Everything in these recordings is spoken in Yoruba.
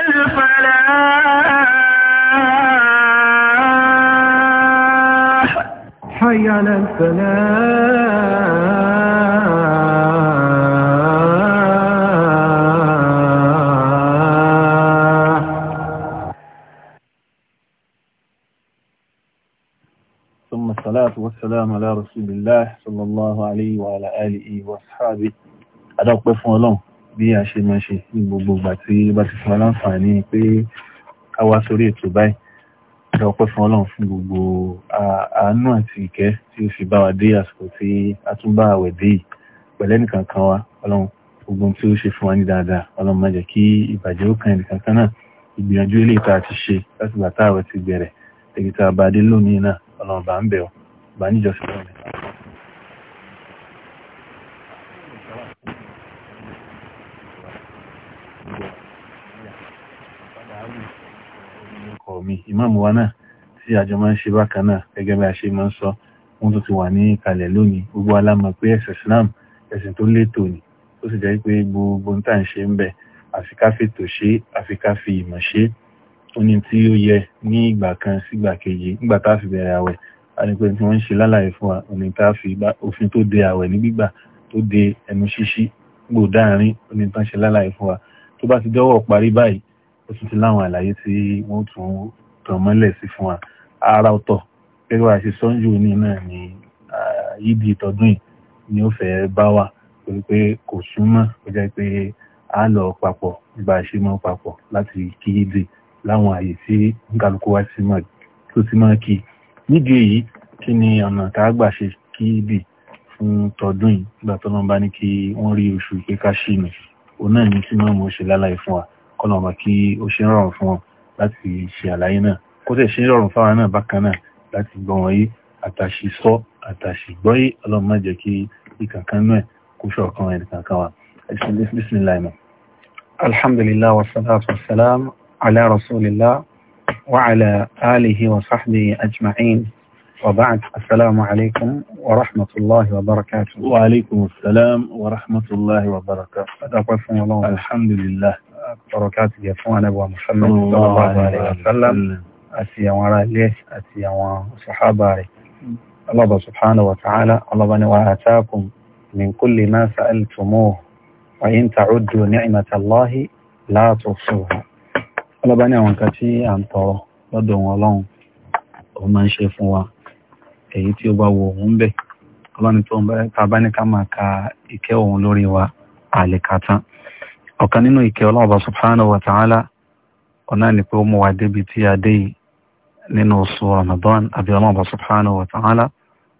الفلاح حي على الفلاح ثم الصلاة والسلام على رسول الله صلى الله عليه وعلى آله وأصحابه أدعوك بفهم الله bí a ṣe máa ṣe ní gbogbo ìgbà tí bá ti fún wa láǹfààní pé a wá sórí ètò báyìí ká ọpẹ́ fún Ọlọ́run fún gbogbo àánú àti ìkẹ́ tí ó fi bá wa dé àsìkò tí a tún bá àwẹ̀ dé yìí pẹ̀lẹ́ nìkan kan wa Ọlọ́run gbogbo tí ó ṣe fún wa ní dáadáa Ọlọ́run má jẹ́ kí ìbàjẹ́ ó kan ẹnìkan kan náà ìgbìyànjú eléyìí tá ti ṣe láti gbà táàwẹ̀ ti bẹ̀rẹ̀ èyí tá lónìí náà Ọlọ́run bá ń bẹ̀ ọ́ bá níjọ́sìn lónìí. mi ìmáàmù wa náà tí àjọ máa ń ṣe bákan náà gẹ́gẹ́ bí a ṣe máa ń sọ wọ́n tó ti wà ní kalẹ̀ lónìí gbogbo alámọ̀ pé ẹ̀sìn Islam ẹ̀sìn tó létò ni tó sì jẹ́ pé gbogbo ń tà ń ṣe ń bẹ̀ àfi ká fi tò ṣe àfi ká fi ìmọ̀ ṣe ó ní tí ó yẹ ní ìgbà kan sígbà kejì nígbà tá a fi bẹ̀rẹ̀ àwẹ̀ àdìpẹ́ tí wọ́n ń ṣe lálàyé fún wa òní tá a fi òfin tó de àwẹ̀ ní gbígbà tó de ẹnu ṣíṣí gbòdáàrin òní tá a ṣe lálàyé fún wa tó bá ti dọ́wọ́ parí báyìí ó tún ti láwọn àlàyé tí wọ́n tún tàn mọ́lẹ̀ sí fún wa ara ọ̀tọ̀ gẹ́gẹ́ bá ṣe sọ́njú òní náà ni yídi ìtọ́dún yìí ni ó fẹ́ bá wa torí pé kò súnmọ́ ó jẹ́ pé a lọ papọ̀ bá a ṣe mọ́ papọ̀ láti kí yídi láwọn àyè tí nkàlùkù wa ti mọ̀ tó ti mọ́ kí nídìí èyí kí ni ọ̀nà tá a gbà ṣe kí yídi fún tọdún yìí gbà tọ́lọ́mbá ní kí wọ́n rí oṣù pé ṣì nù òun náà ní kí mọ́ mo ṣe láláì fún wa kọ́nà ọmọ kí ó ṣe rọrùn fún wọn láti ṣe àlàyé náà kó tẹ̀ ṣe rọrùn fáwọn náà bákan náà láti gbọ́ wọn yé àtàṣì sọ àtàṣì gbọ́ yé ọlọ́run má jẹ́ kí ìkankan náà kó ṣọ̀kan ẹni kankan wa bismillah náà. alhamdulillah wa salatu wa salam ala rasulillah wa ala alihi wa sahbihi ajma'in wa ba'd assalamu alaykum wa rahmatullahi wa barakatuh. wa alaykum assalam wa rahmatullahi wa barakatuh. adakwa fún ọlọ́run. alhamdulillah barakatuh fún anábọ̀ Muhammad sallallahu alaihi wasallam àti àwọn ará ilé àti àwọn sàhábà rẹ̀ Allah subhanahu wa ta'ala Allah ni wa ataakum min kulli ma sa'altumuhu wa in ta'uddu ni'matallahi la tuhsuha Allah ni àwọn nǹkan tí à ń tọrọ lọ́dọ̀ wọn ọlọ́run òun máa ń ṣe fún wa èyí tí ó bá wo òun bẹ̀ ọlọ́ni tó ń bá ní ká máa ka ìkẹ́ òun lórí wa àlèkà ọ̀kan nínú ìkẹ́ ọlọ́ọ̀bá subhanahu wa ta'ala ọ̀nà ni pé ó mú wa débi tí a dé nínú oṣù ramadan àbí ọlọ́ọ̀bá subhanahu wa ta'ala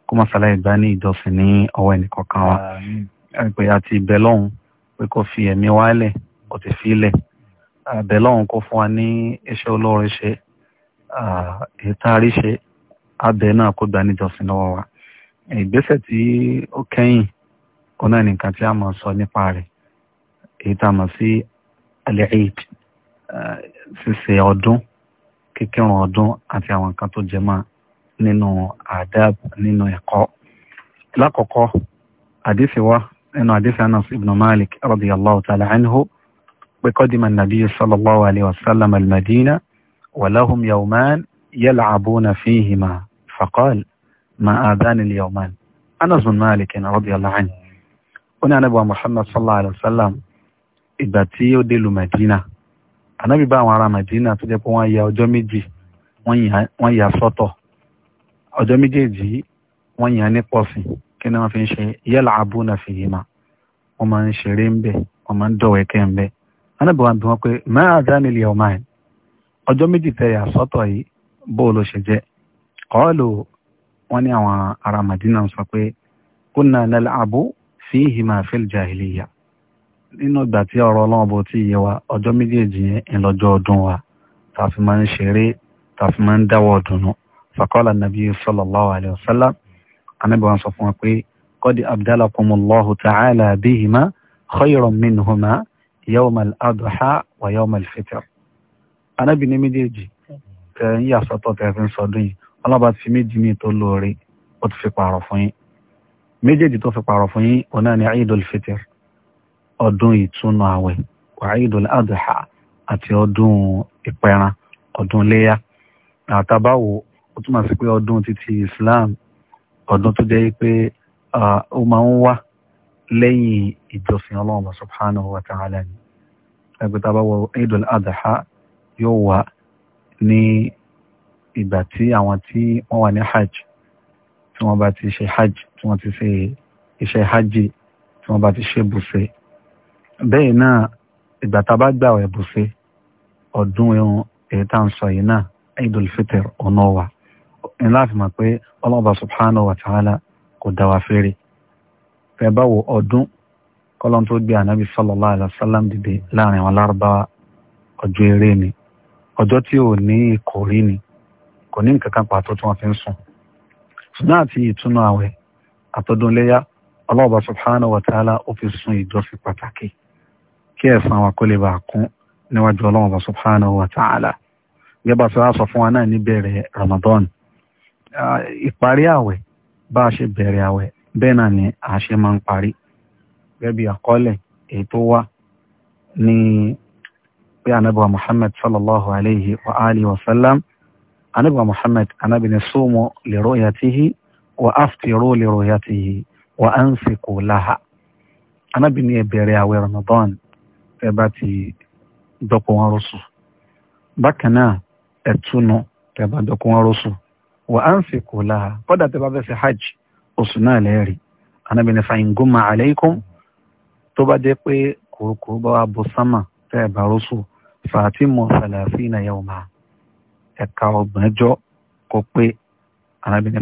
kó má sàlẹ̀ ìgbà ní ìjọsìn ní ọwọ́ ẹnìkọ̀ọ̀kan wa pé a ti bẹ lọ́hùn pé kó fi ẹ̀mí wálẹ̀ kó ti fi ilẹ̀ bẹ lọ́hùn kó fún wa ní iṣẹ́ olóore ṣe èyí abẹ náà kó gbà níjọsìn lọ́wọ́ wa ìgbésẹ̀ tí ó kẹ́yìn ọ̀nà nìkan tí a mọ̀ sọ nípa rẹ̀ èyí tá a mọ̀ sí al-Eid ṣíṣe ọdún kíkírun ọdún àti àwọn nǹkan tó jẹ mọ́ nínú adab nínú ẹ̀kọ́. lákọ̀ọ́kọ́ àdìsí wa nínú àdìsí Anas ibn Malik radiyallahu ta'ala anhu pé qadima an-nabiyyu sallallahu alayhi wa sallam al-Madina wa lahum yawman yal'abuna fihima faqal ma adani al-yawman Anas ibn Malik radiyallahu anhu. ó ní anábọ̀ Muhammad sallallahu alayhi wa sallam ìgbà tí ó dé lu Madina ànábì bá àwọn ará Madina tó jẹ́ pé wọ́n ya ọjọ́ méjì wọ́n ya sọ́tọ̀ ọjọ́ méjèèjì wọ́n yàn ní pọ̀sìn kí ni wọ́n fi ń ṣe yẹ́là abúna fìyìmá wọ́n máa ń ṣeré ń bẹ̀ wọ́n máa ń dọ̀wẹ́kẹ́ ń bẹ̀ ànábì wọn bí wọ́n pé máa dání lè ọmọ ẹ̀ ọjọ́ méjì tẹ yà sọ́tọ̀ yìí bó ló ṣe jẹ́ kọ́ọ̀lù wọ́n ní àwọn ará Madina sọ pé kúnna nal'abu fìhìmá fil jahiliya nínú ìgbà tí ọ̀rọ̀ ọlọ́run bó ti yé wa ọjọ́ méjèèjì yẹn lọ́jọ́ ọdún wa tá a fi máa ń ṣeré tá a fi máa ń dáwọ́ ọdùnnú faqala nàbí sallallahu alayhi wa sallam anábì wọn sọ fún wa pé qad abdalakumullahu ta'ala bihima khayran minhuma yawmal adha wa yawmal fitr anábì ní méjèèjì tẹ ń yà sọ́tọ̀ tẹ fi ń sọdún yìí ọlọ́ba ti fi méjì míì tó lóore ó ti fi pààrọ̀ fún yín méjèèjì tó fi pààrọ̀ fún yín òun náà ni Eidul Fitr ọdún ìtúnu àwẹ̀ wàhídùn adùhà àti ọdún ìpẹran ọdún iléyà àtàbáwò ó túmọ̀ sí pé ọdún títí Islam ọdún tó jẹ́ pé ó máa ń wá lẹ́yìn ìjọsìn ọlọ́run subhanahu wa ta'ala ni ẹgbẹ́ tá a adha yóò wá ní ìgbà tí àwọn tí wọ́n wà ní hajj tí wọ́n bá ti ṣe hajj tí wọ́n ti ṣe iṣẹ́ hajj tí wọ́n bá ti ṣe bùṣe bẹ́ẹ̀ náà ìgbà tá a bá gbà ẹ̀bù sí ọdún ẹ̀hún èyí tá à ń sọ yìí náà Eidul Fitr ọ̀nà wa ní láti mọ̀ pé ọlọ́ọ̀bà subhanahu wa ta'ala kò dá wa fèrè fẹ́ bá wo ọdún kọ́lọ́n tó gbé ànábì sallallahu alaihi wasallam dìde láàrin àwọn lárúbáwá ọjọ́ eré ni ọjọ́ tí ò ní ìkórí ni kò ní nǹkan kan pàtó tí wọ́n fi ń sùn ṣùgbọ́n àti ìtúnu àwẹ̀ àtọ́dúnléyà ọlọ́ọ̀bà subhanahu wa ta'ala ó fi sun ìjọsìn pàtàkì kí ẹ̀sán wa kó lè bá kún níwájú ọlọ́run bá subhanahu wa ta'ala gẹ́gẹ́ bá ti wá sọ fún wa náà níbẹ̀rẹ̀ Ramadan ìparí àwẹ̀ bá a ṣe bẹ̀rẹ̀ àwẹ̀ bẹ́ẹ̀ náà ni a ṣe máa ń parí gẹ́gẹ́ bí àkọọ́lẹ̀ èyí tó wá ní pé anábìwa Muhammad sallallahu alayhi wa alihi wa sallam Muhammad anábì ní sumu li ru'yatihi wa aftiru li ru'yatihi wa ansiku laha anábì ní ẹ̀bẹ̀rẹ̀ àwẹ̀ Ramadan ẹ bá ti dọ́pọ̀ wọn rọ́sùn bákan náà ẹ túnú tẹ bá dọ́pọ̀ wọn rọ́sùn wà á ń fi kò láha kọ́dà tẹ bá fẹ́ ṣe hajj oṣù náà lẹ́ẹ̀rí Ànábì ní fàyín gómà alaykum tó bá jẹ́ pé kòrókòró bá wà bọ́ sámà tẹ bá fàtí mọ̀ sàlàfí na yawma ẹ̀ka ọgbọ̀njọ́ kó pé Ànábì ní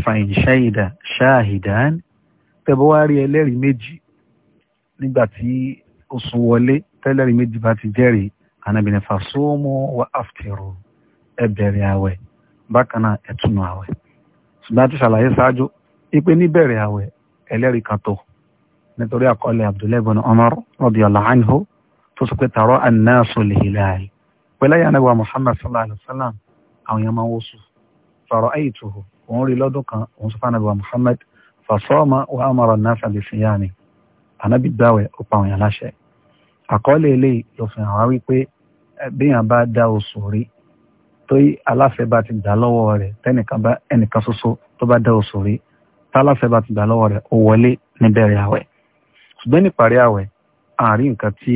ṣáàhìdán tẹ bá méjì nígbà tí oṣù wọlé tẹ́lẹ̀rí méjì bá ti jẹ́rìí ànàbìnrin fàṣọ́mù wà áfìtìrù ẹ bẹ̀rẹ̀ àwẹ̀ bákan náà ẹ túnú àwẹ̀ ṣùgbọ́n a ti ṣàlàyé ṣáájú ipe níbẹ̀rẹ̀ àwẹ̀ ẹlẹ́rìí kan tó nítorí àkọọ́lẹ̀ Abdullahi ibn Umar radiyallahu anhu tó sọ pé tààrọ́ an-nasu al-hilal pẹ̀lẹ́ yà nàgbà Muhammad sallallahu alayhi wa sallam àwọn yẹn máa ń wọ́sù àkọọ́lẹ̀ eléyìí ló fi hàn wá wípé béèyàn bá dá oṣù rí tó aláfẹ́ bá ti gbà lọ́wọ́ rẹ̀ tẹ́nìkan bá ẹnìkan ṣoṣo tó bá dá oṣù rí táláfẹ́ bá ti gbà lọ́wọ́ rẹ̀ ó wọlé níbẹ̀rẹ̀ àwẹ̀ ṣùgbọ́n níparí àwẹ̀ àárín nǹkan tí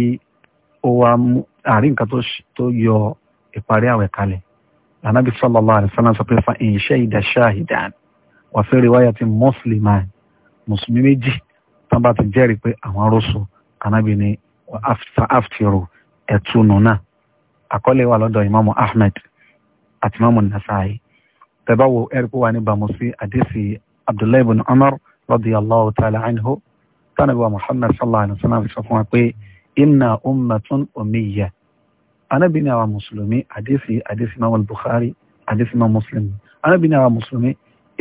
ó wá mú àárín nǹkan tó yọ ìparí àwẹ̀ kalẹ̀ lànàbí sallallahu alaihi wasallam sọ pé fa in shahida shahidan wa fi riwayatin musliman mùsùlùmí méjì tán bá ti jẹ́rìí pé àwọn arósù kànábì ni fàáfìrò ẹ̀túnú náà àkọlé wà lọ́dọ̀ imamu Ahmed àti ìmáàmù Nasa'i tẹ́bá wo ẹ̀rí pé wà ní bàmú sí Abdullahi ibn Umar radiyallahu ta'ala anhu tánàbí wa Muhammad sallallahu alaihi wa sallam sọ fún wa pé inna ummatun umiyya anábì ní àwa mùsùlùmí àdéṣì àdéṣì ìmáàmù Bukhari àdéṣì ìmáàmù Muslimi anábì ní àwa mùsùlùmí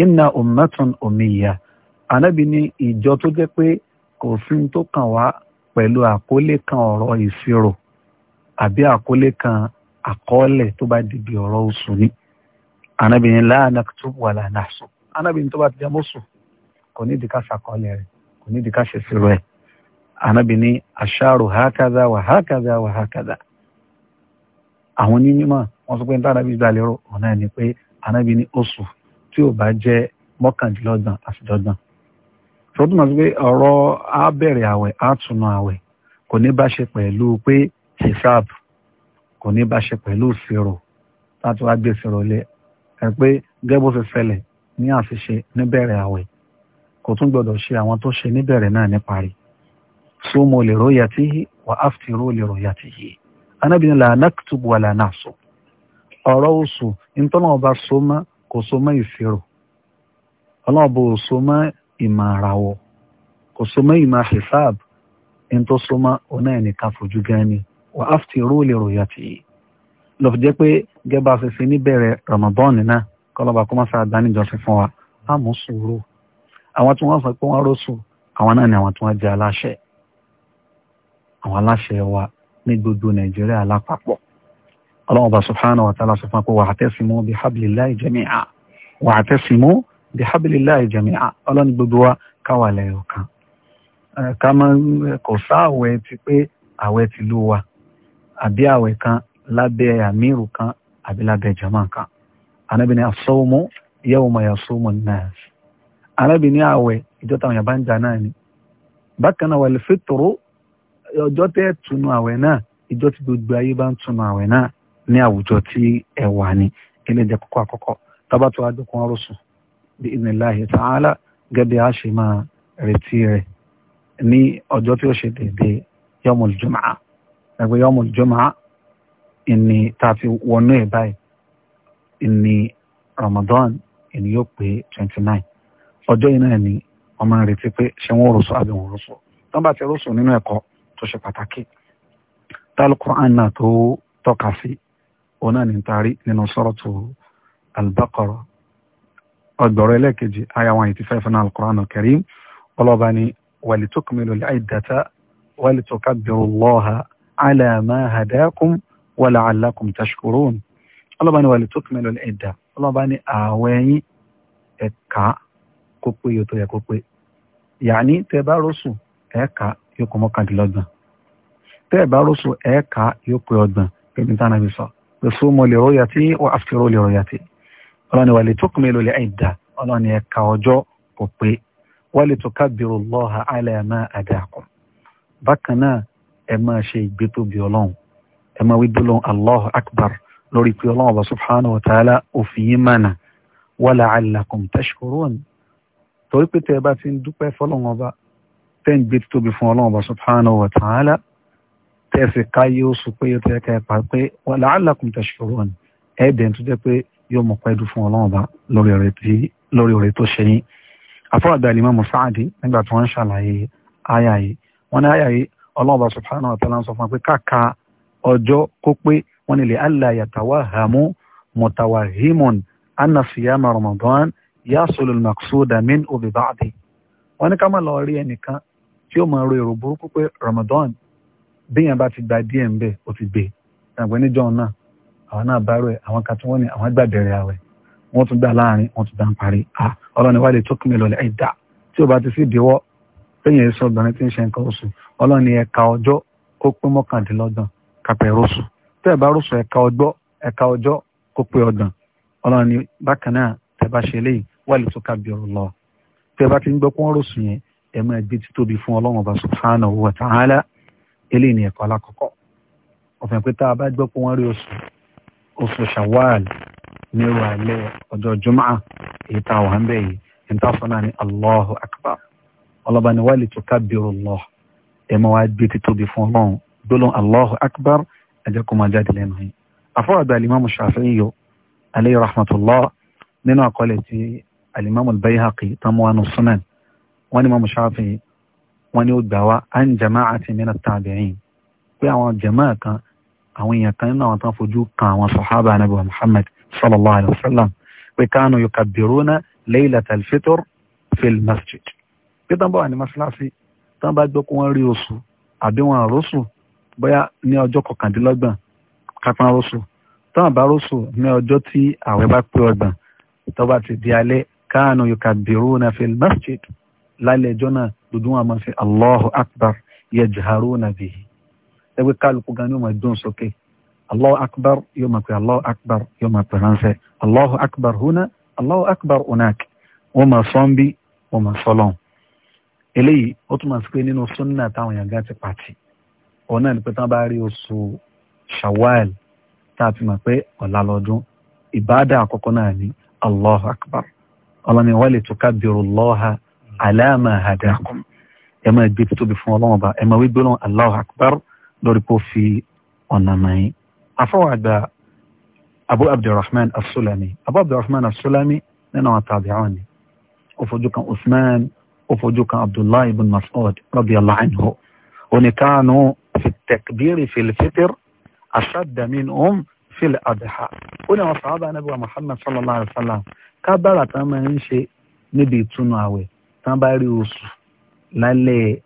inna ummatun umiyya anábì ní ìjọ tó jẹ́ pé kò sí tó kàn wá pẹ̀lú àkọlé kan ọ̀rọ̀ ìṣirò àbí àkọlé kan àkọọ́lẹ̀ tó bá dìbì ọ̀rọ̀ oṣù ni anábìnrin láàánà tó wà lánà sọ anábìnrin tó bá ti kò ní ìdíkà ṣàkọọ́lẹ̀ rẹ̀ kò ní ìdíkà ṣèṣirò ẹ̀ anábìnrin aṣáàrò hákàdá wà hákàdá wà hákàdá àwọn onímọ̀ sọ pé ní ọ̀nà tó túmọ̀ sí ọ̀rọ̀ á bẹ̀rẹ̀ àwẹ̀ kò ní bá ṣe pẹ̀lú pé hisab kò ní bá ṣe pẹ̀lú ìṣirò láti wá gbé ìṣirò lé ẹ pé gẹ́gẹ́ bó ṣe ṣẹlẹ̀ ní àṣìṣe níbẹ̀rẹ̀ àwẹ̀ kò tún gbọdọ̀ ṣe àwọn tó ṣe níbẹ̀rẹ̀ náà ní parí anábìnrin la ọ̀rọ̀ oṣù so mọ́ kò so mọ́ ìṣirò ọlọ́ọ̀bù so ìmọ̀ ara wọ kò so mọ́ ìmọ̀ hisab ẹni tó so mọ́ ọ̀nà ẹni ká fojú gan ni wà á fi rú lè ròyà tì í lọ fi jẹ́ pé gẹ́gbà ṣẹṣẹ níbẹ̀rẹ̀ Ramadan náà kọlọ́ba kó má sáà dání ìjọsìn fún wa á mú sùúrù àwọn tí wọ́n sọ pé wọ́n rọ́ṣù àwọn náà ni àwọn tí wọ́n jẹ́ aláṣẹ àwọn aláṣẹ wa ní gbogbo Nàìjíríà lápapọ̀ ọlọ́run bá subhanahu wa ta'ala sọ fún wa pé wa'tasimu bihablillahi jami'a wa'tasimu bí habilillahi jami'a ọlọ́ni gbogbo wa káwà lẹ́yìn ọ̀kan ká máa kò sá àwẹ̀ ti pé àwẹ̀ ti lú wa àbí àwẹ̀ kan lábẹ́ àmírù kan àbí lábẹ́ jama kan anábì ní asọ́wọ́mọ́ yawma yasumu an-nas anábì ní àwẹ̀ ìjọ táwọn yàrá ń jà náà ni bákan náà wal fitru ọjọ́ tẹ́ tunu àwẹ̀ náà ìjọ tí gbogbo ayé bá ń tunu àwẹ̀ náà ní àwùjọ tí ẹ wà ní ilé ìjẹ kókó àkọ́kọ́ tábàtú adókun ọrọ̀ sùn bí ìnìláhi tààlà gẹ́gẹ́ a ṣe máa retí rẹ̀ ní ọjọ́ tí ó ṣe dédé yọmọl jùmọ̀á ẹgbẹ́ yọmọl jùmọ̀á ìní tá a ti wọnú ẹ̀ báyìí ìní Ramadan ìní yóò pé twenty nine ọjọ́ yìí náà ni wọ́n máa ń retí pé ṣé wọ́n rò sọ àbí wọ́n rò sọ bá ti rò nínú ẹ̀kọ́ tó ṣe pàtàkì tálù náà tó tọ́ka sí òun náà ní tarí nínú Suratu Al-Baqarah ọgbọ̀rọ̀ ẹlẹ́ẹ̀kejì aya one eighty five náà alukur'an alkarim ọlọ́ba ni walitukmilu al-iddata walitukabbiru allaha ala ma hadakum wala'allakum tashkurun ọlọ́ba ni walitukmilu al-idda ọlọ́ba ni ààwẹ̀ yín ẹ̀ka kó pé yóò tó yẹ kó pé yàní tẹ́ ọlọ́ni wà lè tó kún mélòó lè ẹ̀dá ọlọ́ni ẹ̀ka ọjọ́ kò pé wà lè tó kábìrò lọ́ha àlẹ́mà àdàkùn bákan náà ẹ máa ṣe ìgbétóbi ọlọ́run ẹ máa wí gbólóhùn Allahu akbar lórí pé ọlọ́run ọba subhanahu wa ta'ala òfin yín mànà wa la'allakum tashkurun torí pé tẹ́ bá ti ń dúpẹ́ fọlọ́run ọba tẹ́ ń gbé fún ọlọ́run ọba subhanahu wa ta'ala tẹ́ fi káyé oṣù pé ó tẹ́ yóò mọ̀ pẹ́ẹ́dù fún ọlọ́run bá lórí ọ̀rẹ́ tó ṣe yín afọ́àgbà ìlú mọ́mọ́ sáàdì nígbà tí wọ́n ń ṣàlàyé àyà yìí wọ́n ní àyà yìí ọlọ́run bá subhanahu wa ta'ala ń sọ fún wa pé káàka ọjọ́ kó pé wọ́n ní lè alla yatawahamu mutawahimun anna siyama ramadan yasulu al-maqsuda min obi ba'di wọ́n ní ká má lọ àwọn náà bárò ẹ̀ àwọn kan tí wọ́n ní àwọn gbà bẹ̀rẹ̀ àwẹ̀ wọ́n tún gbà láàrin wọ́n tún dá ń parí à ọlọ́ni wálé tó kún mi lọ́lẹ̀ ẹ̀ dá tí ò bá ti sí ìdíwọ́ lẹ́yìn èso obìnrin tí ń ṣe nǹkan oṣù ọlọ́ni ẹ̀ka ọjọ́ ó pé mọ́kàndínlọ́gbọ̀n kápẹ́ rọ́ṣù tẹ́ ẹ̀ bá rọ́ṣù ẹ̀ka ọjọ́ ẹ̀ka ọjọ́ kó pé ọgbọ̀n ọlọ́ni bákan náà tẹ́ bá ṣe léyìí wálé tó kábíọ̀rù lọ tẹ́ bá ti ń gbọ́ pọ́n rọ́ṣù yẹn ẹ̀ máa gbé títóbi fún ọlọ́run ọba subhanahu wa ta'ala eléyìí ni ẹ̀kọ́ alákọ̀ọ́kọ́ ọ̀fẹ́ pé tá a bá gbọ́ pé wọ́n rí oṣù oṣù shawwal mẹ́wàá lẹ́ ọjọ́ jumaa èyí tá a wà ń bẹ̀ yìí ní tá a sọ náà ní allahu akbar ọlọ́ba ni wàá lè tó kábírù lọ ẹ̀ mọ́ wá gbé títóbi fún ọlọ́run gbólóhùn allahu akbar ẹ̀jẹ̀ kó máa jáde lẹ́nu yìí àfọwọ́ àgbà alimami shafi'i yọ aleyhi rahmatullah nínú àkọọ́lẹ̀ tí alimami albayhaqi tamuwanu sunan wọ́n ní mamu shafi'i wọ́n ní ó gbà wá an jama'ati min at-tabi'in pé àwọn jama'a kan àwọn èèyàn kan nínú àwọn tán fojú kan àwọn sọ̀hábà ànábì wa Muhammad sallallahu alayhi wa sallam pé kánú yukabbiruna laylatal fitr fil masjid bí tán bá wà ní masalasi tán bá gbọ́ kó wọ́n rí oṣù àbí wọn àrósù bóyá ní ọjọ́ kọkàndínlọ́gbọ̀n kápán rósù tán àbá rósù ní ọjọ́ tí àwẹ̀ bá pé ọgbọ̀n tó bá ti di alẹ́ kánú yukabbiruna fil masjid lálẹ́ ẹjọ́ náà dúdú wọn máa fi Allahu akbar yajharuna bihi ẹgbẹ́ kálukú gan ni ó máa dún sókè allahu akbar yóò máa pè allahu akbar yóò máa pè ránṣẹ́ allahu akbar huna allahu akbar unak wọ́n máa sọ ń bí wọ́n máa sọ lọ́hùn eléyìí ó tún máa ń pè nínú súnà táwọn èèyàn gan ti pàtì òun náà ni pé tán bá rí oṣù shawal tá a fi mọ̀ pé ọ̀la lọ́dún ìbáàdà àkọ́kọ́ náà ni allahu akbar ọlọ́ni wà lè tún kábìrù lọ́ha aláàmà àdàkùn ẹ máa gbé tóbi fún ọlọ́run ọba ẹ máa wí gbólóhùn allahu akbar lórí kó fi ọ̀nà mọ̀ọ́yìn. àfọwọ́ àgbà abu abdulrahman as-sulami abu abdulrahman as-sulami nínú àwọn tàbí àwọn ni ó fojú kan usman ó fojú kan abdullahi ibn mas'ud radiyallahu anhu oníkanu fi takbiri fil fitr ashadda minhum fil adha ó ní àwọn sàábà nabi wa muhammad sallallahu alaihi wa sallam kábàrà tán máa ń ṣe níbi ìtúnu àwẹ̀ tán bá rí oṣù lálẹ́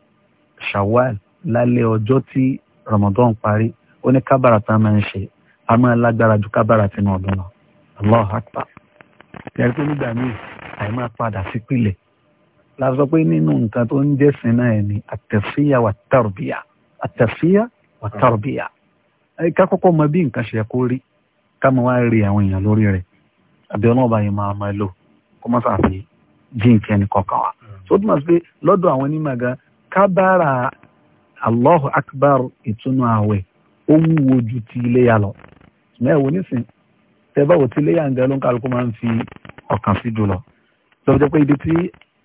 shawwal lálẹ́ ọjọ́ tí Ramadan parí ó ní kábàrà tá a máa ń ṣe a máa lágbára ju kábàrà tí náà dùn lọ allah akpa yẹri pé nígbà míì àì máa padà sípìlẹ̀ la sọ pé nínú nǹkan tó ń jẹ́sìn náà ni àtẹ̀fíyà wà tàrùbíyà àtẹ̀fíyà wà tàrùbíyà ká kọ́kọ́ mọ bí nǹkan ṣe kó rí ká mọ wá rí àwọn èèyàn lórí rẹ̀ àbí ọlọ́ọ̀bá yìí máa máa lò kó má sàfi jíǹkì ẹnì kọ̀ọ̀kan wa tó hmm. túmọ̀ sí pé lọ́dọ̀ àwọn onímọ̀ gan kábàárà allahu akbar ìtúnu àwẹ̀ ó wúwo ju ti iléyà lọ mẹ́wò nísìn tẹ́báwò tí iléyà ń gẹ ló ń kálukú máa ń fi ọkàn sí jùlọ lọ́wọ́ jẹ́ pé ibi tí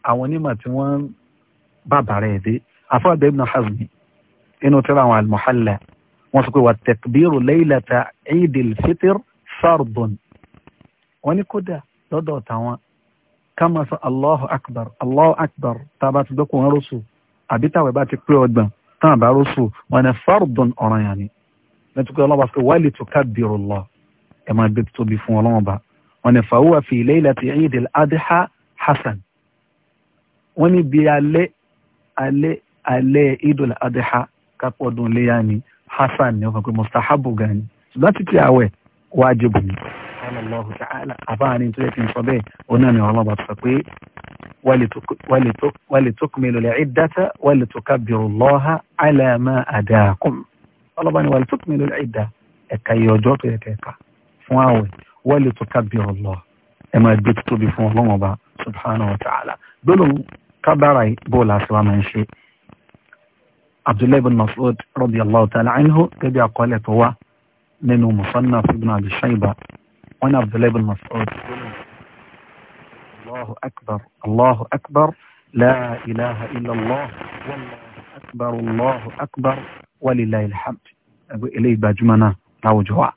àwọn onímọ̀ tí wọ́n bàbà rẹ̀ dé afọ́dé ibn hazmi inú tẹ́lá àwọn al-muhalla wọ́n sọ pé wà tẹ̀kbírù laylata eidil fitr fardun wọ́n ní kódà lọ́dọ̀ tàwọn ká máa sọ allahu akbar allahu akbar tá a bá ti gbọ́ tán àbárọ̀sù wọn ni fardun ọ̀ràn yàn ni lẹ́tùkọ́ ọlọ́wọ́ pé wàá lè tó kábìrò lọ ẹ̀ máa bẹ́ẹ̀ tóbi fún ọlọ́wọ́ bá wọn ni fàwọ́ àfi laylati Eid al-Adha hasan wọ́n ní bí alẹ́ alẹ́ alẹ́ Eid al-Adha kápọ̀dún léyà ni hasan ni wọ́n fọ́ pé mustahabu gan ni ṣùgbọ́n títí àwẹ̀ wájibu ni. Allahu ta'ala àbáàrin tó yẹ kí n sọ bẹ́ẹ̀ òun náà ni àwọn ọlọ́ba sọ pé walitukmilu al-iddata walitukabbiru Allaha ala ma hadakum ọlọ́ba ni walitukmilu al-idda ẹ̀ka iye ọjọ́ tó yẹ kẹ́ka fún àwẹ̀ walitukabbiru Allah ẹ máa gbé tóbi fún ọlọ́run ọba subhanahu wa ta'ala gbólóhùn kábàárà bóòlù àti wa máa ń ṣe abdullahi bin mas'ud radiyallahu ta'ala anhu gẹ́gẹ́ bí àkọọ́lẹ̀ tó wá nínú musannaf ibn abi shayba wọ́n ní abdullahi bin mas'ud allahu akbar allahu akbar la ilaha illallah wallahu akbar allahu akbar walilahi alhamd ẹgbẹ́ eléyìí gbajúmọ̀ náà láwùjọ wa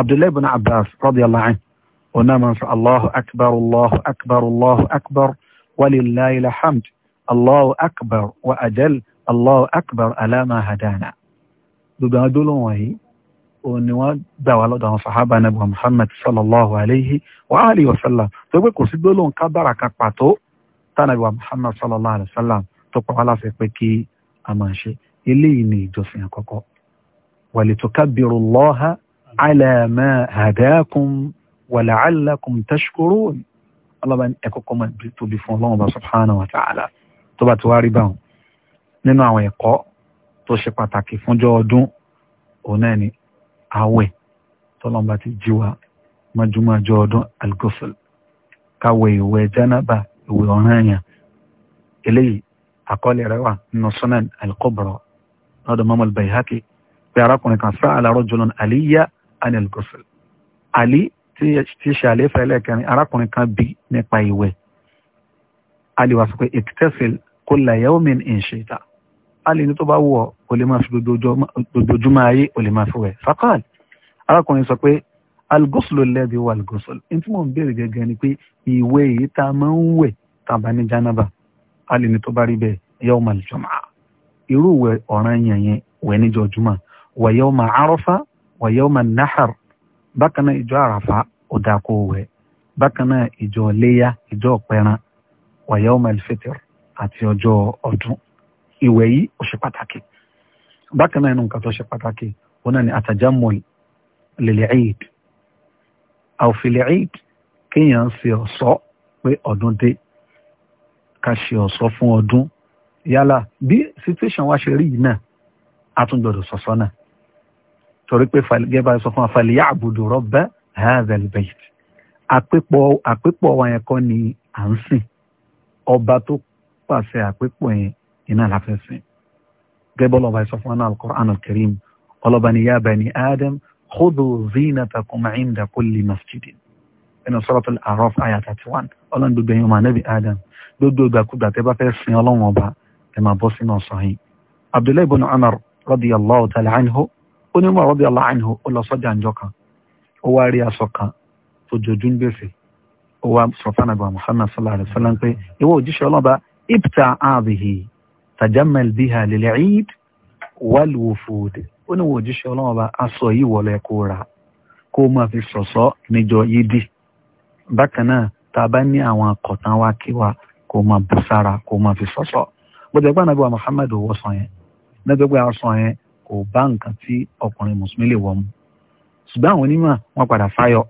abdullahi bin abbas radiyallahu anhu wọ́n náà máa ń sọ allahu akbar allahu akbar allahu akbar walilahi alhamd allahu akbar wa ajal allahu akbar alama hadana gbogbo àwọn wọ̀nyí òun ni wọ́n gbà wá lọ́dọ̀ àwọn sàhábà nàbà muhammed sallallahu alayhi wa alihi wa sallam tó pé kò sí gbólóhùn kábàrà kan pàtó tánàbà muhammed sallallahu alayhi wa sallam tó pa wá láfẹ́ pé kí a máa ṣe eléyìí ni ìjọsìn àkọ́kọ́ walitukabbirullaha ala ma hadakum wala'allakum tashkurun ọlọ́ba ẹ̀kọ́kọ́ máa tóbi fún ọlọ́run bá subhanahu wa ta'ala tó bá ti wá rí báwọn nínú àwọn ẹ̀kọ́ tó ṣe pàtàkì fúnjọ́ ọdún òun náà ni àwẹ̀ tọ́lọ́mbà ti jí wa mọ́júmọ́jọ́ ọdún algofil káwẹ̀ ìwẹ̀ jánábà ìwẹ̀ ọ̀ranyàn eléyìí àkọọ́lẹ̀ rẹ̀ wà nínú sunan alkobra lọ́dọ̀ mamal bayhaki pé arákùnrin kan sáà aláró jùlọ aliya an algofil ali tí ṣe àléfà ẹlẹ́ẹ̀kẹrin arákùnrin kan bí nípa ìwẹ̀ ali wà sọ pé iktasil kulla yawmin alẹ́ ní tó bá wù ọ́ o lè máa fi dojoojúmọ́ ayé o lè máa fi wẹ̀ fakal arákùnrin sọ pé algoslo lẹ́bi wa algoslo ní tí mò ń béèrè gẹ́gẹ́ ni pé ìwé yìí tá a máa ń wẹ̀ tá a bá ní jánábà alẹ́ ní tó bá rí bẹ́ẹ̀ yẹ́wò máa jọmọ́ irú wẹ̀ ọ̀ràn yẹn yẹn wẹ̀ níjọ́ jùmọ̀ wà yẹ́wò máa arọ́fà wà yẹ́wò máa nahar bákan náà ìjọ àràfà ó ìwẹ̀ yìí ó ṣe pàtàkì bákan náà inú nǹkan tó ṣe pàtàkì òun náà ni àtàjámọ̀ lèlẹ̀ eid àwòfìlẹ̀ eid kéèyàn ṣe ọ̀ṣọ́ pé ọdún dé ká ṣe ọ̀ṣọ́ fún ọdún yálà bí situation wa ṣe rí yìí náà a tún gbọdọ̀ sọ̀sọ́ náà torí pé gẹ́gẹ́ sọ fún afẹ́lẹ́ ya'budu rabba hadhal bayt àpépọ̀ àpépọ̀ wa yẹn kọ́ ni à ń sìn ọba tó pàṣẹ àpépọ̀ yẹn iná láfẹ́sìn gẹ́gẹ́ bọ́lá ọba ìsọfún aná al-Qur'an al-Karim ọlọ́ba ni ya bani Adam khudhu zinatakum inda kulli masjidin ẹnu Suratul A'raf àyà 31 ọlọ́run gbogbo ẹ̀yin ọmọ anábì Adam gbogbo ìgbàkúgbà tẹ́ bá fẹ́ sin ọlọ́run ọba ẹ̀ máa bọ́ sínú ọ̀sán yìí Abdullahi ibn Umar radiyallahu ta'ala anhu ó ní Umar radiyallahu anhu ó lọ sọ́jà ńjọ́ kan ó wá rí aṣọ kan tó jojú ń gbèsè ó wá sọ fún àgbà Muhammad sallallahu alaihi wasallam pé ìwọ òjíṣẹ́ ọlọ́ba ibta ààbìhì tajamal biha lil eid wal wufud ó ní wọ́n jíṣẹ́ ọlọ́run ọba aṣọ yìí wọlé kó ra kó máa fi ṣọ̀ṣọ́ níjọ yídì bákan náà tá a bá ní àwọn akọ̀tàn wa kí wa kó máa bù sára kó máa fi ṣọ̀ṣọ́ gbọ́dọ̀ ẹgbẹ́ ànábì wa Muhammad owó sàn yẹn lẹ́gbẹ̀gbẹ̀ aṣọ yẹn kò bá nǹkan tí ọkùnrin mùsùlùmí lè wọ̀ mu ṣùgbọ́n àwọn onímọ̀ wọn padà fáyọ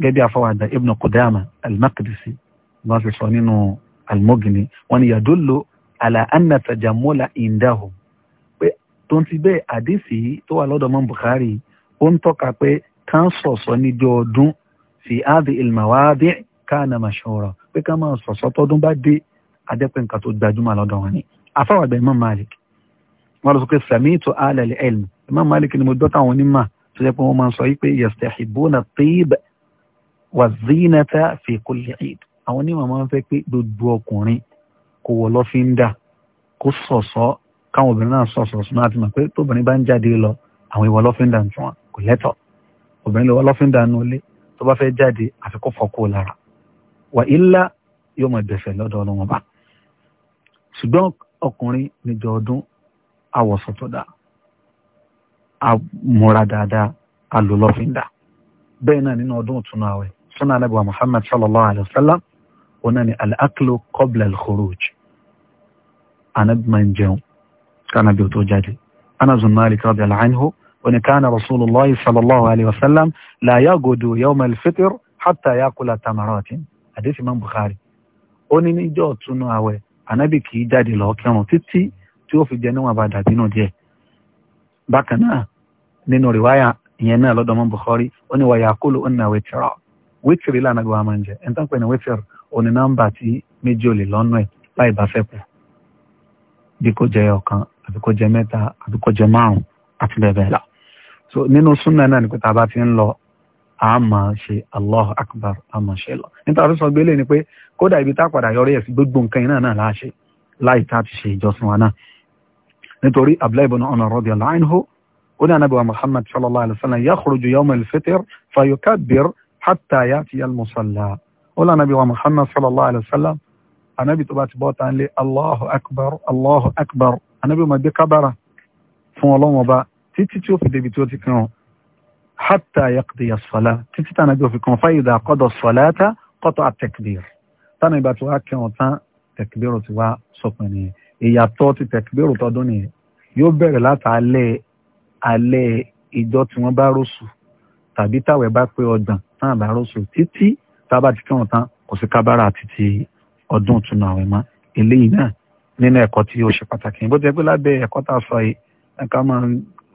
gẹ́gẹ́ bí afọwàdà Ibn Qudama al-Maqdisi wọ́n ti sọ nínú al-Mughni wọ́n ní yadullu àlà anna tajammula indahu pé tó ti bẹ́ẹ̀ àdìsí tó wà lọ́dọ̀ mọ́ Bukhari ó ń tọ́ka pé kán sọ̀sọ́ níjọ́ ọdún fi áàdì ìlmàwáàdì káàna mashura pé ká máa sọ̀sọ́ tọ́dún bá dé adẹ́pẹ́ nǹkan tó gbajúmọ̀ lọ́dọ̀ wọn ni àfáwọn àgbà Imam Malik wọn lọ sọ pé samitu ala al-ilm Imam Malik ni mo dọ́ta àwọn onímọ̀ tó jẹ́ pé wọ́n máa sọ yí pé yastahibuna at-tib wa az-zinata fi kulli àwọn onímọ̀ máa ń fẹ́ pé gbogbo ọkùnrin kó wọ lọ́fíńdà kó sọ̀sọ́ káwọn obìnrin náà sọ̀sọ̀ sùn náà ti mọ̀ pé tóbìnrin bá ń jáde lọ àwọn ìwọ lọ́fíńdà ń tún wọn kò lẹ́tọ̀ obìnrin lọ́wọ́ lọ́fíńdà nu ilé tó bá fẹ́ jáde àfi kó fọ́ kó lára wà ilá yóò mọ̀ ìbẹ̀fẹ̀ lọ́dọ̀ ọlọ́wọ́n bá wa Muhammad sallallahu alayhi wa sallam òun náà ni al-aklu qabla al-khuruj anabi máa ń jẹun kánabi ò tó jáde anazun malik radiyallahu anhu òní kánà rasulullah sallallahu alayhi wa sallam la yagudu yawma al-fitr hatta yakula tamaratin hadith imam bukhari ó ní níjọ́ túnú àwẹ̀ anabi kì í jáde lọ kẹrùn títí tí ó fi jẹ níwọ̀n bá dàbí náà díẹ̀ bákan náà nínú rìwáyà náà lọ́dọ̀ mọ́ bukhari ó ní wàyà kúlù ó ní àwẹ̀ tìrọ̀ wítìrì lánàá gbọ́ àmọ́ ń jẹ ẹ̀ ń òní nọ́mbà tí méjì ò lè lọ́nà ẹ̀ láì bá fẹ́ kù bí kò jẹ ọ̀kan àbí kò jẹ mẹ́ta àbí kò jẹ márùn àti bẹ́ẹ̀ bẹ́ẹ̀ lọ. so nínú súnà náà ni pé tá a bá ti ń lọ a máa ṣe allah akbar a máa ṣe lọ níta tó sọ gbélé ni pé kódà ibi tá a padà yọrí ẹ̀ sí gbogbo nǹkan iná náà láà ṣe láì tá a ti ṣe ìjọsìn wa náà nítorí abdullahi ibn umar radiyallahu anhu ó ní anábìwá muhammad sallallahu alayhi wa sallam yakhruju yawm al-fitr fayukabir hatta ya'ti al-musalla ó lànà bí wa muhammad sallallahu alayhi wa sallam anabi tó bá ti bọ́ta ń lé allahu akbar allahu akbar anabi ma gbé kábàrà fún ọlọ́run ọba títí tí ó fi débi tí ó ti kírun hatta yaqdi as-salat títí tànà bí ó fi kàn fa idha qada as-salata qata'a at-takbir tánà ìgbà tó wá kírun tán tẹ̀kìbẹ̀rù ti wá sọ̀pin nìyẹn ìyàtọ̀ ti tẹ̀kìbẹ̀rù tọdún nìyẹn yóò bẹ̀rẹ̀ láti alẹ́ alẹ́ ìjọ tí wọ́n bá rọ̀ṣù tàbí táwẹ̀ bá pé ọgbọ̀n tábà ti kírun tán kò sí kábàrà títí ọdún ìtúnu àwẹ̀ mọ́ eléyìí náà nínú ẹ̀kọ́ tí ó ṣe pàtàkì bó ti pé lábẹ́ ẹ̀kọ́ tá a sọ yìí ẹ̀ka máa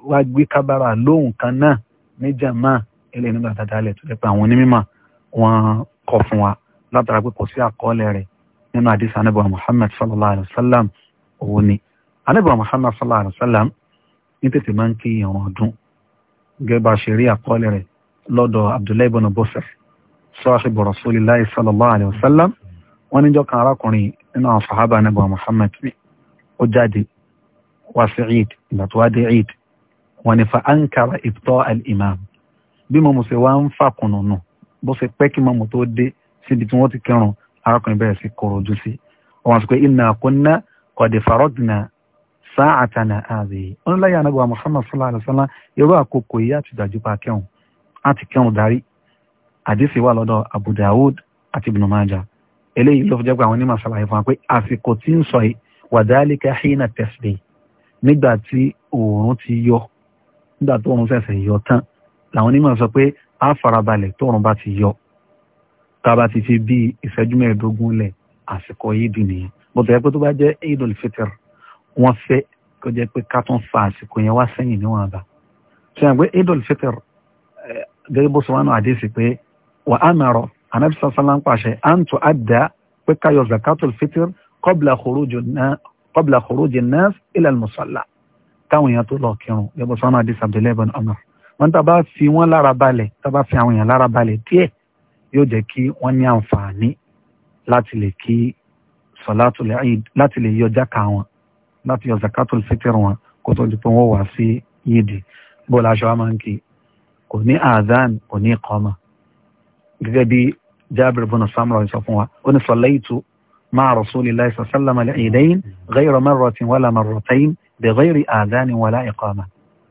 wá gbé kábàrà lóhùn kan náà níjà máa eléyìí nígbà dáadáa lẹ̀ tó jẹ́ pé àwọn onímọ̀ wọn kọ fún wa látara pé kò sí àkọọ́lẹ̀ rẹ̀ nínú àdìsí anábọ̀ Muhammad sallallahu alayhi wa sallam òun ni anábọ̀ Muhammad sallallahu alayhi wa sallam ní tètè máa ń kí ìrun ọdún gẹ́gẹ́ bá ṣe rí àkọọ́lẹ̀ rẹ̀ lọ́dọ̀ Abdullahi ibn Busayr sahibu rasulillahi sallallahu alayhi wa sallam wọ́n níjọ́ kan arákùnrin nínú àwọn sàhábà anábọ̀ muhammad ó jáde wá sí eid ìgbà tó wá dé eid wọ́n ní fa ankara ibtọ́ al-imam bí mọ̀mọ́ sì wá ń fàkùnù nù bó ṣe pẹ́ kí mọ̀mọ́ tó dé síbi tí wọ́n ti kírun arákùnrin bẹ̀rẹ̀ sí kọ̀rọ̀ ojú sí wọ́n sọ pé inna kunna qad faragna sáàtànà ààrẹ ọ̀nà láyé anábọ̀ muhammad sallallahu alayhi wa irú àkókò yìí àti ìdájú àdísì wà lọ́dọ̀ Abu Dawud àti Ibn Majah eléyìí ló fi jẹ́ pé àwọn onímọ̀ ṣàlàyé fún wa pé àsìkò tí ń sọ yìí wàdálíkà hínà tẹ̀sílẹ̀ nígbà tí oòrùn ti yọ nígbà tó oòrùn ṣẹ̀ṣẹ̀ yọ tán làwọn onímọ̀ sọ pé á farabalẹ̀ tó oòrùn bá ti yọ tá a bá ti fi bí ìṣẹ́jú mẹ́ẹ̀ẹ́dógún lẹ̀ àsìkò yìí dì nìyẹn bó ti yẹ pé tó bá jẹ́ Eidul Fitr wọ́n fẹ́ kó jẹ́ pé ká tún fa àsìkò yẹn wá sẹ́yìn níwọ̀n àbá ṣe àgbẹ̀ Eidul Fitr gẹ́gẹ́ bó sọ wánú àdéhìí pé wà á mẹrọ anabi sasana ń pàṣẹ à ń tún àdá pé káyọ zakatul fitr kọbla kòrójì nas ilẹ̀ musalla táwọn èèyàn tó lọ kírun yẹ́bù sọ́nà àdìs abdullahi bin umar wọ́n tá a bá fi wọ́n lára balẹ̀ tá a bá fi àwọn èèyàn lára balẹ̀ díẹ̀ yóò jẹ́ kí wọ́n ní àǹfààní láti lè kí sọ̀látùl eid láti lè yọ jáka wọn láti yọ zakatul fitr wọn kó tó di pé wọ́n wà sí yídì bó la ṣọ́ máa kò ní àdán kò ní kọ́mà gẹ́gẹ́ bí Jabir bin Samra sọ fún wa ó ní sallaytu ma'a rasulillahi sallallahu alaihi al-eidayn ghayra marratin wala marratayn bi ghayri adhanin wala iqama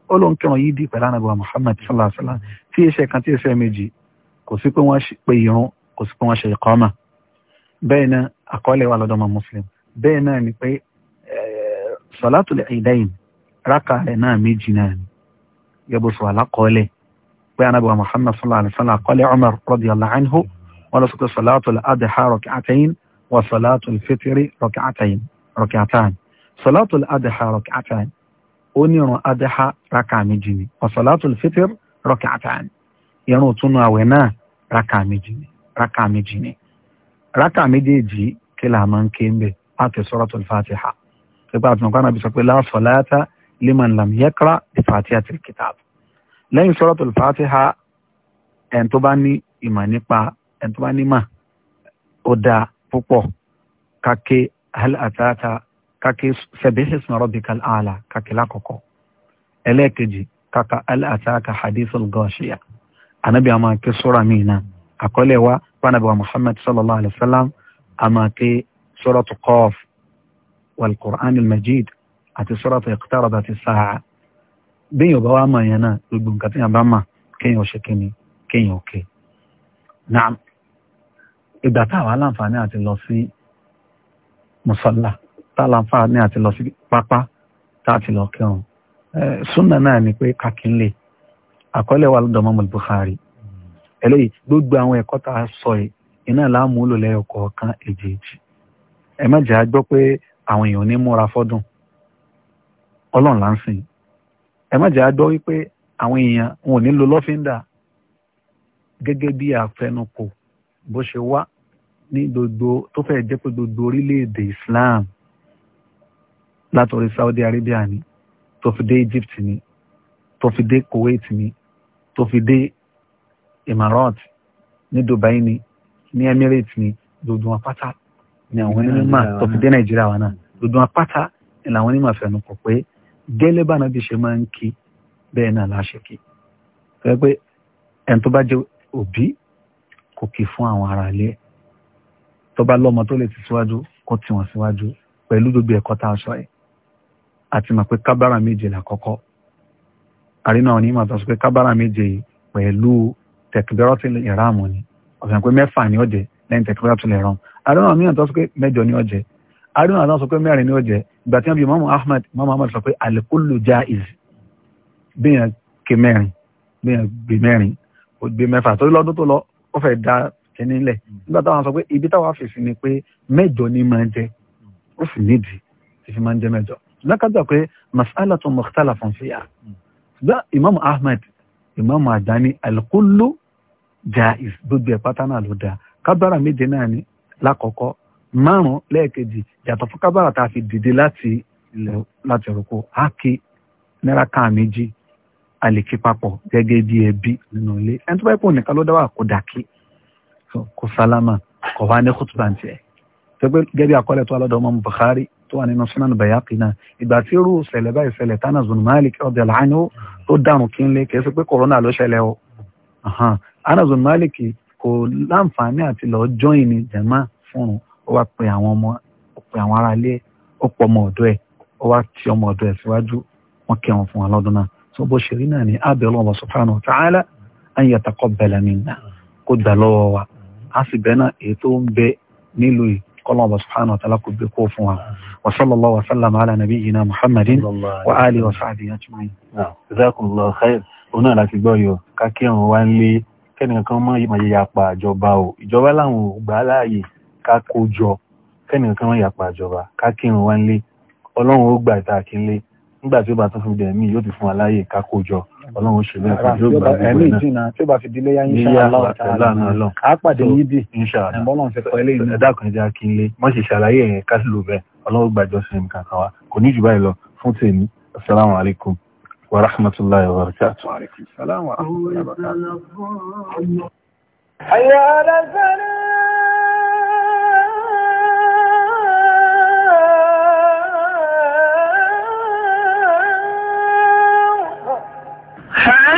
ó ló ń kírun yìí dì pẹ̀lú ànàgbà Muhammad sallallahu bẹ́ẹ̀ náà ni pé eh, salatul eidayn rákà rẹ̀ náà méjì náà ni gẹ́gbọ́sọ̀ alákọọ́lẹ̀ بأن أبو محمد صلى الله عليه وسلم قال عمر رضي الله عنه ولسك صلاة الأضحى ركعتين وصلاة الفطر ركعتين ركعتان صلاة الأضحى ركعتان أنيون أضحى ركع مجيني وصلاة الفطر ركعتان ينو تنوى ونا ركع مجيني ركع مجيني ركع مجيني كلا من كيم كيمب أتي صورة الفاتحة فبعد نقانا بسكوة لا صلاة لمن لم يقرأ بفاتحة الكتاب lẹ́yìn suratul Fatiha ẹni tó bá ní ìmọ̀ nípa ẹni tó bá nímọ̀ ó dáa púpọ̀ kàkẹ́ hal atata kàkẹ́ sabbihisma rabbikal a'la kàkẹ́ lákọ̀ọ́kọ́ ẹlẹ́ẹ̀kejì kàkà hal ataka hadithul ghashiya anabi a máa ké sura míì náà àkọlé wa panabi wa muhammad sallallahu alayhi wa sallam a máa ké suratu Qaf wal Qur'an al-Majid àti suratu iqtarabat as-sa'a. béèyàn bá wá mọ̀ yẹn náà gbogbo nǹkan tí yẹn bá mà kéèyàn ṣe kíni kéèyàn òkè. náà ìgbà tá àwa láǹfààní àti lọ sí mùsọ́lá tá láǹfààní àti lọ sí pápá tá àti lọ kírun súnà náà ni pé kakínlé àkọlé wa lọ́dọ̀ mọ́mọ́ Bukhari eléyìí gbogbo àwọn ẹ̀kọ́ tá a sọ yìí iná láàmúlò lẹ́yọ kọ̀ọ̀kan èjèèjì ẹ má jẹ́ àgbọ́ pé àwọn èèyàn ní múra fọ́dún ọlọ́run là ń ẹ má jẹ́ àdọ́ wípé àwọn èèyàn wọn ò ní lo lọ́fíńdà gẹ́gẹ́ bí àfẹnukò bó ṣe wá ní gbogbo tó fẹ́ jẹ́ pé gbogbo orílẹ̀-èdè Islam látọ̀rí Saudi Arabia ni tó fi dé Egypt ni tó fi dé Kuwait ni tó fi dé Emirates ní Dubai ni ní Emirates ni gbogbo wọn ni àwọn onímọ̀ tó fi dé Nàìjíríà wa náà gbogbo wọn ni àwọn onímọ̀ fẹnukò pé gẹ́lẹ́ bá nàbí ṣe máa ń kí bẹ́ẹ̀ náà láṣẹ kí ẹ pé ẹni tó bá jẹ́ òbí kò kí fún àwọn ará ilé tó bá lọ́mọ tó lè ti síwájú kó tì wọ́n síwájú pẹ̀lú gbogbo ẹ̀kọ́ tá a sọ ẹ̀ àti mọ̀ pé kábàrà méje làkọ́kọ́ àrínà òní mà tó sọ pé kábàrà méje yìí pẹ̀lú tẹ̀kíbẹ́rọ́tì ìráàmù ni ọ̀sán pé mẹ́fà ni ó lẹ́yìn tẹ̀kíbẹ́rọ́tì ìráàmù àrínà òní mà tó sọ pé mẹ́jọ ni ó arínú àdán sọ pé mẹ́rin ní ọjẹ́ ìgbà tí wọ́n bí mọ́mú ahmed mọ́mú ahmed sọ pé alikulu jaiz bíyàn ké mẹ́rin bíyàn gbé mẹ́rin gbé mẹ́fà torí lọ́dún tó lọ ó fẹ́ da ẹni lẹ̀ nígbà táwọn sọ pé ibi táwọn fèsì ni pé mẹ́jọ ni máa ń jẹ ó sì nídìí tí fi máa ń jẹ mẹ́jọ lákàtà pé masala tó mọ̀tàlá fún sí gbá imam ahmed imam adani alikulu jaiz gbogbo ẹ̀ pátá náà ló dáa kábàárà méje náà ni lákọ̀ọ́kọ́ márùn lẹ́ẹ̀kejì yàtọ̀ fún kábàrà tá a fi dìde láti ilẹ̀ láti ọ̀rọ̀kọ ákè náírà kan méjì a lè kí papọ̀ gẹ́gẹ́ bí ẹbí nínú ilé ẹni tó bá yẹ kó nìkan ló dá wà kó dàkí kó sálámà kó wá ní kútùbà tiẹ̀ tẹ́gbẹ́ gẹ́gẹ́ bí akọ́lẹ̀ tó alọ́dọ̀ ọmọ Bukhari tó wà nínú Sunan Bayhaqi náà ìgbà tí irú ṣẹlẹ̀ báyìí ṣẹlẹ̀ tánà zùn Malik radiyallahu anhu tó dànù kí n lé kìí pé kòrónà ló ṣẹlẹ̀ o Anas zùn Malik kò láǹfààní àti lọ́ọ́ jọ́ìn ní jama fún un ó wá pe àwọn ọmọ ó pe àwọn ará ilé ó pọ ọmọ ọ̀dọ̀ ẹ̀ ó wá ti ọmọ ọ̀dọ̀ ẹ̀ síwájú wọn kẹwọn fún wa lọ́dún náà tó bó ṣe rí náà ni àbẹ Ọlọ́run subhanahu wa ta'ala an yataqabbala minna kó gbà lọ́wọ́ wa a sì bẹ náà èyí tó ń bẹ nílùú yìí kọlọ́wọ́ subhanahu wa ta'ala kò gbé kó fún wa wa sallallahu wa sallama ala nabiyyina muhammadin wa alihi wa sahbihi ajma'in. jazakumullahu khair òun náà láti gbọ́ yọ kákẹ́ àwọn wá ń o ìjọba láwọn ká kó jọ kẹ́nìkan máa yàpá ìjọba ká kírun wá nílé ọlọ́run ó gbà ìta kí nílé nígbà tí ó bá tún fi dẹ̀ mí yóò ti fún wa láàyè ká kó jọ ọlọ́run ó ṣe bẹ́ẹ̀ fún yóò gbà gbogbo ẹ̀ náà tí ó bá fi dilé yá inshallah ta'ala á pàdé yídì ẹ̀bọ́lọ́run ti pọ̀ eléyìí náà. ẹ̀dá kan jẹ́ kí mọ́ ṣe ṣàlàyé ẹ̀yẹn ká sì lò bẹ́ẹ̀ ọlọ́run gbàjọ sí ẹ̀mí kankan wa kò ní jù báyìí lọ fún tèmi asalaamu wa rahmatulahi wa barakatuh.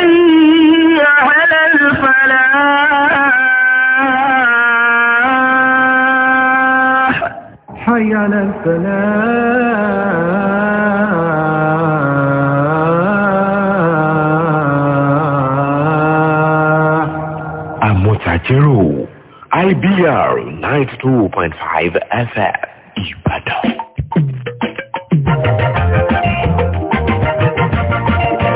أن أهل الفلاح حي على الفلاح àmọ̀tàjẹ́rò IBR 92.5 FM